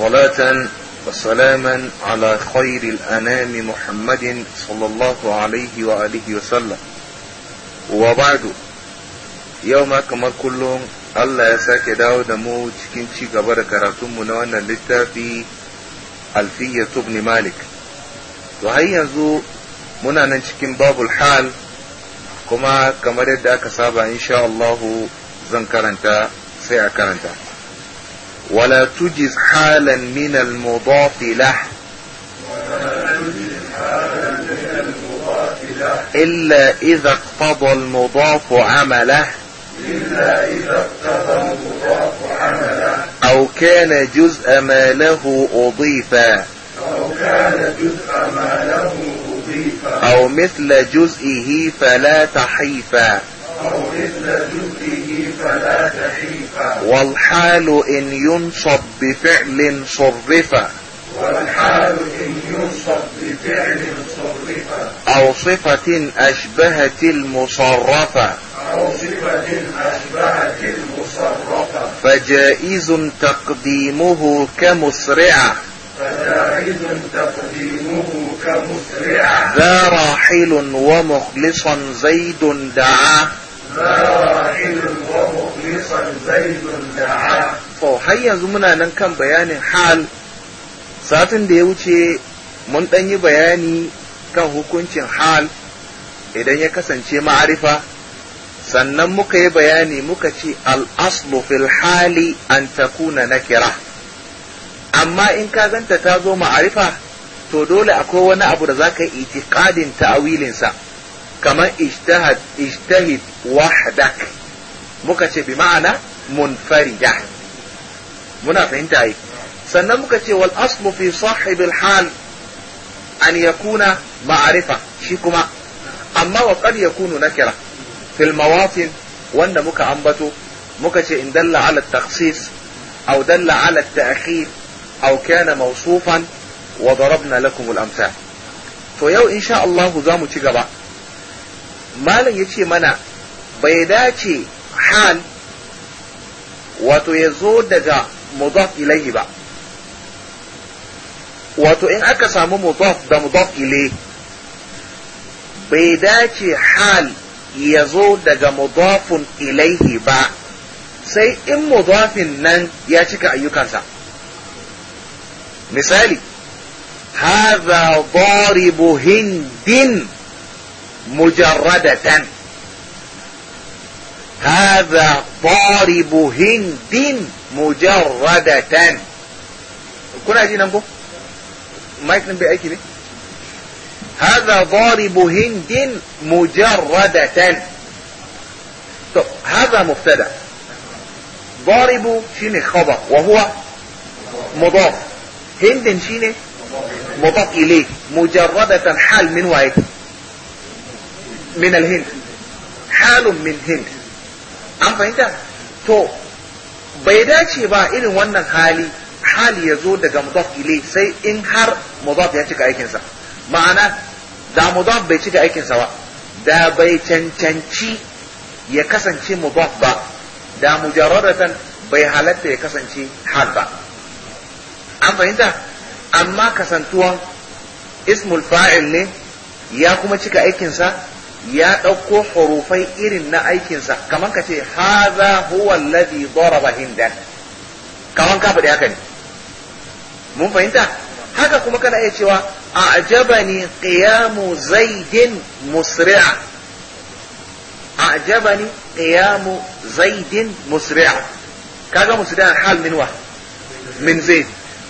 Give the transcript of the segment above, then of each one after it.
صلاة وسلاما على خير الأنام محمد صلى الله عليه وآله وسلم وبعد يوم كما كلهم الله يساك داود مو تكين شي قبر كراتم منوانا للتافي ألفية ابن مالك وهي ينزو منا ننشكين باب الحال كما كما aka saba insha Allahu zan karanta sai a karanta ولا تجز حالا من المضاف له إلا إذا اقتضى المضاف عمله إلا إذا اقتضى المضاف عمله أو كان جزء ما له أضيفا أو كان جزء ما له أضيفا أو مثل جزئه فلا تحيفا أو مثل جزئه والحال إن ينصب بفعل صرفا والحال إن ينصب بفعل صرفا أو صفة أشبهت المصرفة أو صفة أشبهت المصرفة فجائز تقديمه كمسرعة فجائز تقديمه كمسرعة ذا راحل ومخلصا زيد دعاه ذا راحل to oh, har yanzu muna nan kan bayanin hal satin da ya wuce mun ɗan yi bayani kan hukuncin hal idan ya kasance ma'arifa sannan muka yi bayani muka ce al'aslu fil hali an takuna na kira amma in ka ganta ta zo ma'arifa to dole akwai wani abu da za ka yi itiƙadin ta'awilinsa kamar ijtahid wahdak muka ce bi ma'ana munfarida muna fahimta yi sannan muka ce wal aslu fi sahibil hal an yakuna ma'arifa shi kuma amma wa qad yakunu nakira fil mawatin wanda muka ambato muka ce in dalla ala takhsis aw dalla ala ta'khir aw kana mawsufan wa darabna lakum al amsal to yau insha Allah za mu ci gaba malam yace mana bai dace hal wato ya zo daga mudaf ilaihi ba wato in aka samu mudaf da mudaf ile bai dace hal ya zo daga mudafun ilaihi ba sai in mudafin nan ya cika ayyukansa misali هذا ضارب هند مجردة هذا ضارب هند مجردة كنا عايزين nan مايك mike اي bai هذا ضارب هند مجردة طب هذا مبتدا ضارب شين خبر وهو مضاف هند شين مضاف إليه مجردة حال من واحد من الهند حال من هند an fahimta to bai dace ba irin wannan hali hali ya zo daga mudaf ile sai in har mudaf ya cika aikinsa ma'ana da mudaf bai cika aikinsa ba da bai cancanci ya kasance mudaf ba da mujarradatan bai halatta ya kasance hal ba an fahimta amma kasantuwan ismul fa'il ne ya kuma cika aikinsa ya ɗauko hurufai irin na aikinsa kamar ka ce haza huwa alladhi daraba hindan kamar ka faɗi haka ne mun fahimta haka kuma kana iya cewa a'jabani qiyamu zaidin musri'a a'jabani qiyamu zaidin musri'a kaga musri'a hal min wa min zaid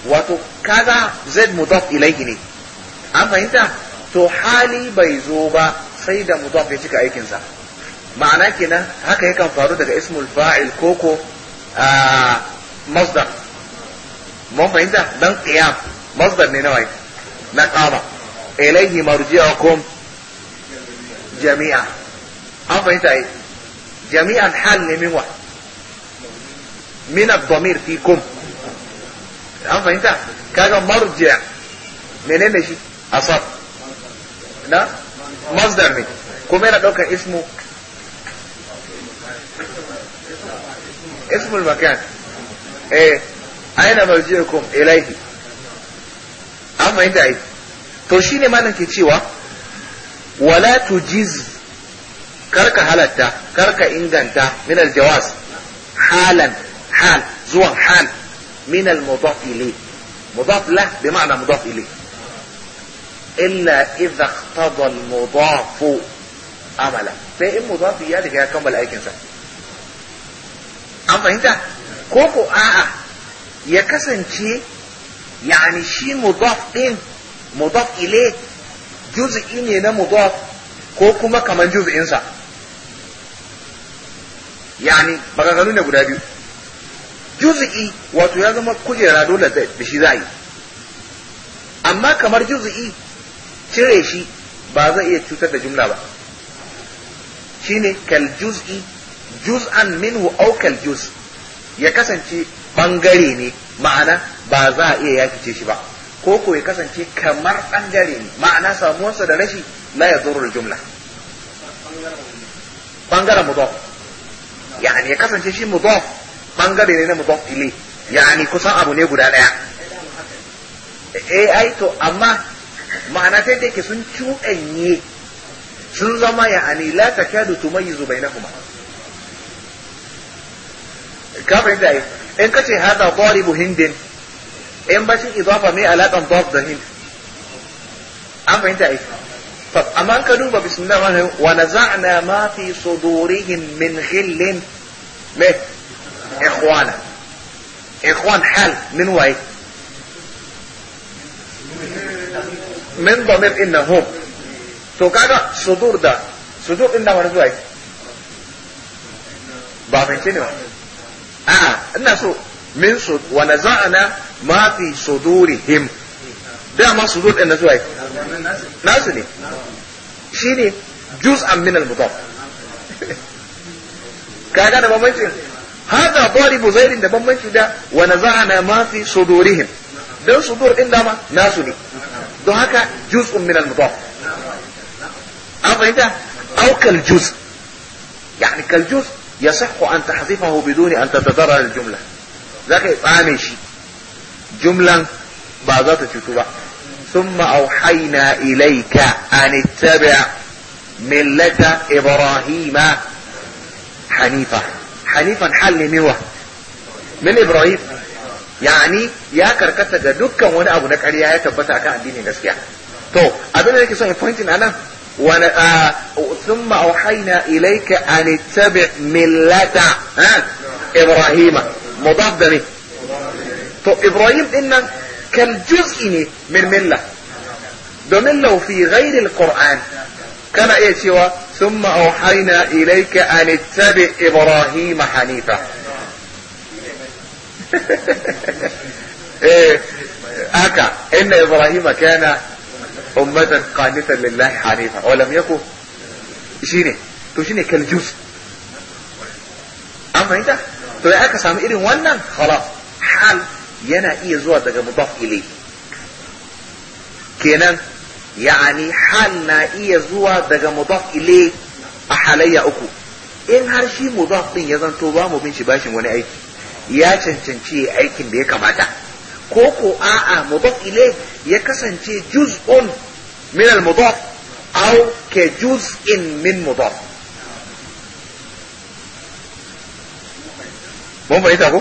wato kaga zaid mudaf ilayhi ne an fahimta to hali bai zo ba sai da mudaf ya cika aikin sa ma'ana kenan haka yakan faru daga ismul fa'il koko a masdar mun fahimta dan qiyam masdar ne na wai na qama ilayhi marji'ukum jami'a an fahimta ai jami'an hal ne min wa min ad-damir fikum an fahimta kaga marji' menene shi asab na masdar ne kuma yana ɗaukar ismu ismul makan eh aina marji'ukum ilaihi amma inda ai to shine malam ke cewa wala tujiz karka halatta karka inganta minal aljawaz halan hal zuwan hal minal almudaf ilayhi mudaf lah bi ma'na mudaf ilayhi إلا إذا اقتضى المضاف عملا sai in mudafi ya riga ya kammala aikinsa an fahimta ko ko a'a ya kasance yani shi mudaf din mudaf ile juz'i ne na mudaf ko kuma kaman juz'insa yani maganganu ne guda biyu juz'i wato ya zama kujera dole da shi za yi amma kamar juz'i cire shi ba zai iya cutar da jumla ba shine kal juz'i juz'an minhu aw kal juz ya kasance bangare ne ma'ana ba za a iya yakice shi ba ko ko ya kasance kamar bangare ne ma'ana samuwarsa da rashi la ya zurul jumla bangaren mudaf yani ya kasance shi mudaf bangare ne na mudaf ile yani kusan abu ne guda daya ai to amma ma'ana sai da yake sun cuɗanye sun zama ya ani la takadu tumayyizu bainahuma ka fahimta yi in kace hada daribu hindin in bacin idafa mai alaƙan darb da hind an fahimta yi amma an ka duba bismillah wa naza'na ma fi sudurihim min ghillin me ikhwana ikhwan hal min waye من ضمير إنهم تو كذا صدور ده صدور إنهم ورد وايك بابين تنوى آه الناس من صد ونزعنا ما في صدورهم ده ما صدور إنه زوي نازني شيني جزء من المضاف كذا ده بابين تنوى هذا ضارب زير ده بابين تنوى ونزعنا ما في صدورهم ده صدور إنما نازني don جزء من المضاف أو mudaf او كالجزء يعني كالجزء يصح أن تحذفه بدون أن تتضرر الجملة ذاك إطعامي شيء جملة بعضات تتبع ثم أوحينا إليك أن اتبع ملة إبراهيم حنيفة حنيفا حل موه من إبراهيم yani ya karkata ga dukkan wani abu na ƙarya ya tabbata akan addinin gaskiya to abin da nake son in pointin anan wani thumma auhayna ilayka an ittabi millata ibrahima mudaf da ne to ibrahim din nan kan juz'i ne min milla domin laufi fi ghairi kana iya cewa thumma auhayna ilayka an ittabi ibrahima hanifa إيه، هكا ان ابراهيم كان امة قانتا لله حنيفا ولم يكن شيني تو شيني كالجوز اما انت تو هكا سام ايرين وانا خلاص حال ينا اي زوا مضاف اليه كينا يعني حالنا اي زوا مضاف اليه احاليا اكو ان هرشي مضاف بين يزن توبا مبين شباشن وانا ايكي ya cancanci ya aikin da ya kamata ko ko a'a mudaf ile ya kasance juz'un min al-mudaf aw ka juz'in min mudaf mun fahimta ko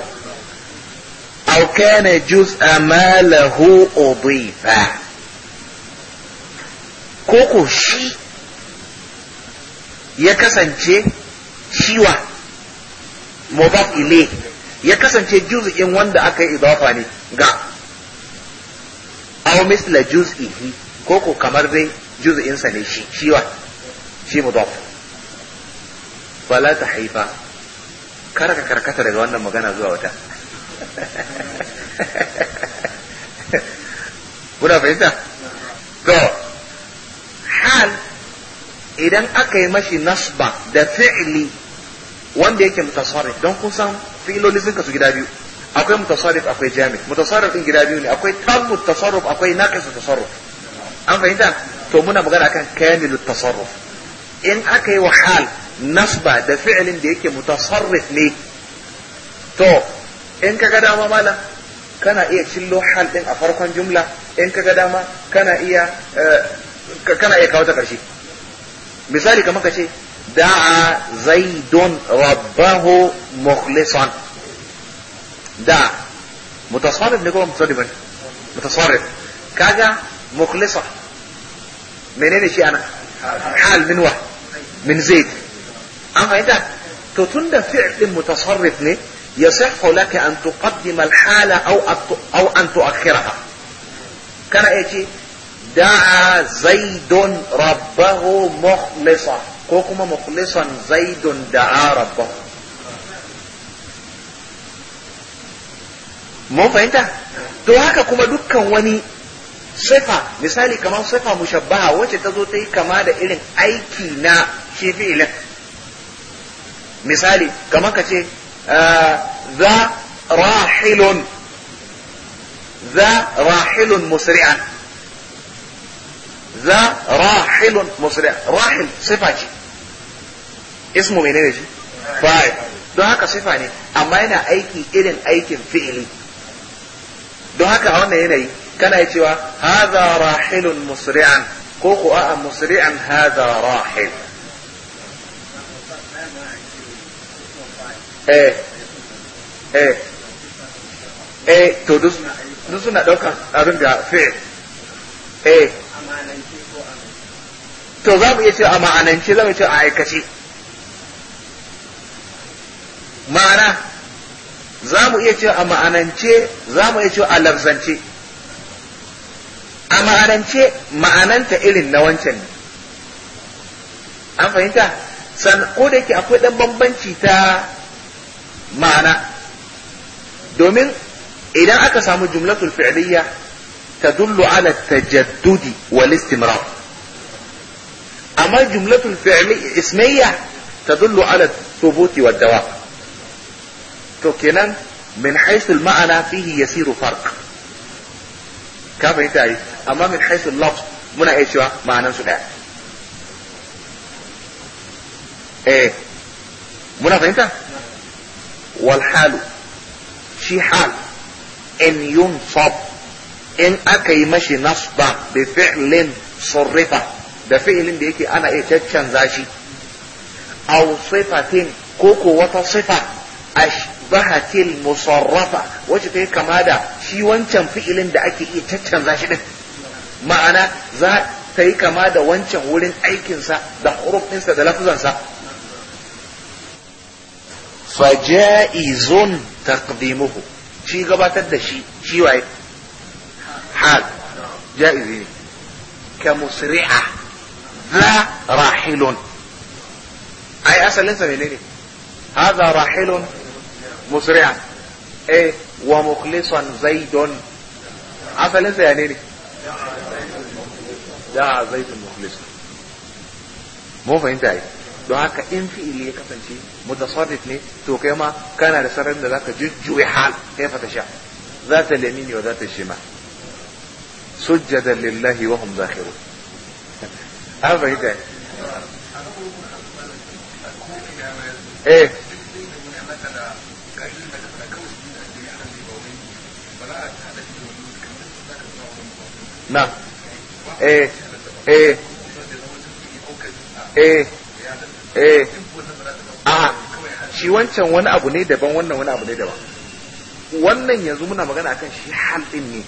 aw kana juz'a ma lahu udifa ko ko shi ya kasance shiwa mudaf ilai ya kasance juz'in wanda aka yi idafa ne ga aw misla juz'ihi ko ko kamar dai juz'in sa ne shi shiwa shi mudaf fala ta haifa kar ka karkata daga wannan magana zuwa wata kuna fahimta to hal idan aka yi mashi nasba da fi'li wanda yake mutasarrif don kun san fi'iloli sun kasu gida biyu akwai mutasarrif akwai jami mutasarrif din gida biyu ne akwai tammu tasarruf akwai naqisu tasarruf an fahimta to muna magana akan kamilu tasarruf in aka yi wahal nasba da fi'ilin da yake mutasarrif ne to in kaga dama malam kana iya cillo hal din a farkon jumla in ga dama kana iya eh, kana iya kawo ta karshe misali kamar ka ce دعا زيد ربه مخلصا دعا متصرف نقول متصرف متصرف كذا مخلصا منين شيء انا حال من واحد من زيد اما ده تتند فعل متصرف يصح لك أن تقدم الحالة أو أو أن تؤخرها كان إيش دعا زيد ربه مخلصا ko kuma mukhlisan zaidun da araba. mun fahimta to haka kuma dukkan wani sifa misali kamar sifa mushabbaha wacce ta zo ta yi kama da irin aiki na shi fi'ilin misali kamar ka ce ah, za rahilun za rahilun musri'an za rahilun musri'an rahil sifa ce ismu menene shi fa'il don haka sifa ne amma yana aiki irin aikin fi'ili don haka a wannan yanayi kana cewa haza rahilun musri'an ko ko a musri'an haza rahil eh eh eh to duk suna ɗaukar abin da fi'il eh to za mu iya cewa a ma'anance za mu iya cewa a aikace ma'ana za mu iya cewa a ma'anance za mu iya cewa a lafzance a ma'anance ma'ananta irin na wancan ne an fahimta san ko da yake akwai ɗan bambanci ta ma'ana domin idan aka samu jumlatul fi'liya تدل tajaddudi التجدد والاستمرار أما الجملة الفعلية اسمية تدل على الثبوت والدوام توكينا من حيث المعنى فيه يسير فرق كيف يتعي أما من حيث اللفظ من أي شيء معنى سنع إيه من أنت والحال شي حال إن ينصب إن أكي مشي نصبا بفعل صرفة بفعل بيكي أنا إيه تتشان زاشي أو صفة كوكو وتصفة ظهت المصرفة وجدت كما هذا شي وانشن فئل دا اكي اي تتشن ذا شدف معنى ذا تي كما هذا وانشن ولن ايكن سا دا حروف انسا دا لفظان سا فجائز تقديمه شي غبات الدشي شي وعيد حال جائزين كمسرعة ذا راحلون اي اسال انسا هذا راحل مسرعا ايه ومخلصا زيد عفا لذا يعني لي دعا زيد المخلص مو فانت اي دعاك ان في اللي يكفن شيء متصرف ني تو كما كان رسالنا ذاك جو حال كيف تشاء ذات اليمين وذات الشمال سجدا لله وهم داخلون هذا ايه na eh, eh, eh, eh. wancan wani abu ne daban wannan wani abu ne daban wannan yanzu muna magana akan shi hal din ne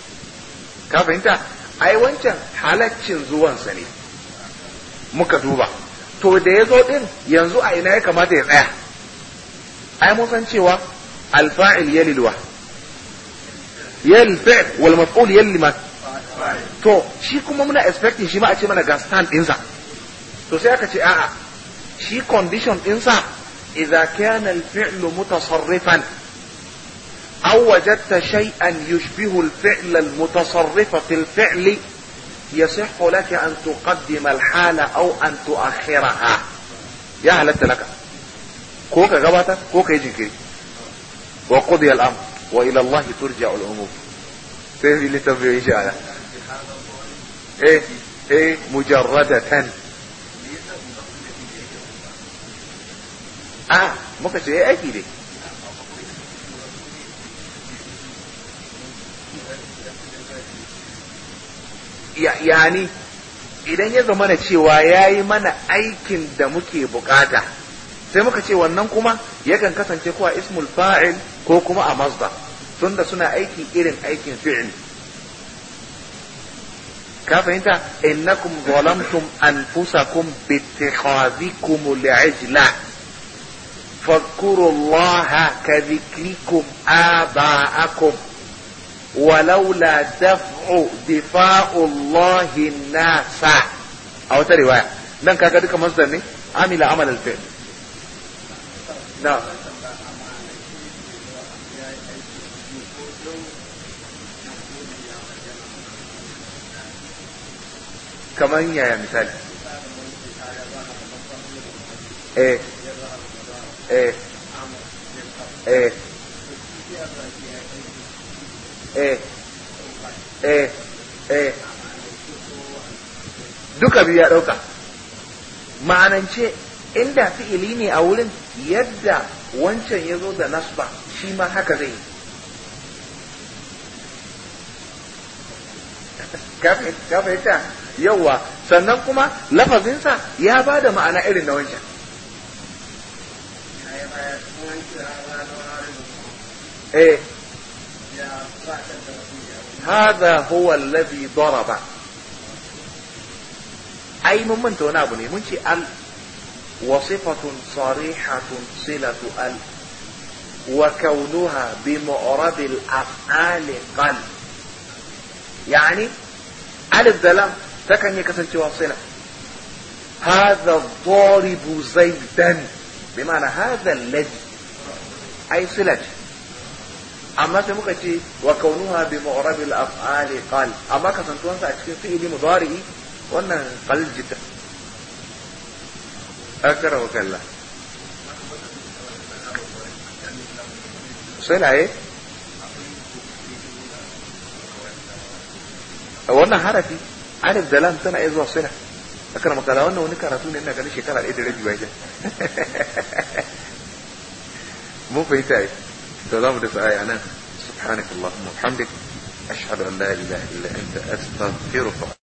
ka fahimta ai wancan halaccin zuwansa ne muka duba to da ya zo din yanzu a ina ya kamata ya tsaya ai mun san cewa alfa'il yalilwa يا الفعل wal maf'ul ya ma to shi kuma muna expecting shi ma a ce mana ga stand din sa to sai aka ce a a shi condition din sa idza kana al-fi'lu mutasarrifan aw wajadta shay'an yushbihu al شيئا al mutasarrifa fi al الفعل يصح لك أن تقدم الحالة أو أن تؤخرها يا هلت لك كوكا غباتا كوكا يجي وقضي الأمر wa ila Allah turja al-umur sai fili tambayoyin shi ala eh eh mujarradatan a ah, muka ce yayi eh, aiki dai yani idan ya zama na cewa ya yi mana aikin da muke buƙata. sai muka ce wannan kuma yakan kasance kuwa ismul fa'il ko kuma a mazda tunda suna aiki irin aikin fi'il ka fahimta innakum zalamtum anfusakum bittikhadhikum al'ijla فاذكروا kadhikrikum aba'akum آباءكم ولولا دفع دفاع الله الناس أو ترواية نن كاكا دكا مصدر عمل عمل الفعل na kamar yaya misali duka biyu ya ɗauka ma'anance inda fi'ili ne a wurin yadda wancan ya zo da nasba shi ma haka zai yi. fahimta yauwa sannan kuma lafazinsa ya ba da ma'ana irin na wancan eh هذا هو الذي ضرب ai mun manta wani abu ne mun al وصفة صريحة صلة أل وكونها بمعرض الأفعال قل يعني أل الظلام تكن يكسن صلة هذا الضارب زيدا بمعنى هذا الذي أي صلة أما سمكتي وكونها بمعرض الأفعال قل أما كسنتوانسا أتكين فيه مضارئي وأنا قل جدا أكثر أو كلا سيلا إيه وانا حرفي انا بدلان سنة ايضا سنة اكرا مكالا وانا ونكا رسول انا كان شكالا ايضا ربي ويجا مو في تاي تضام دس آية انا سبحانك اللهم وبحمدك اشهد ان لا اله الا انت استغفرك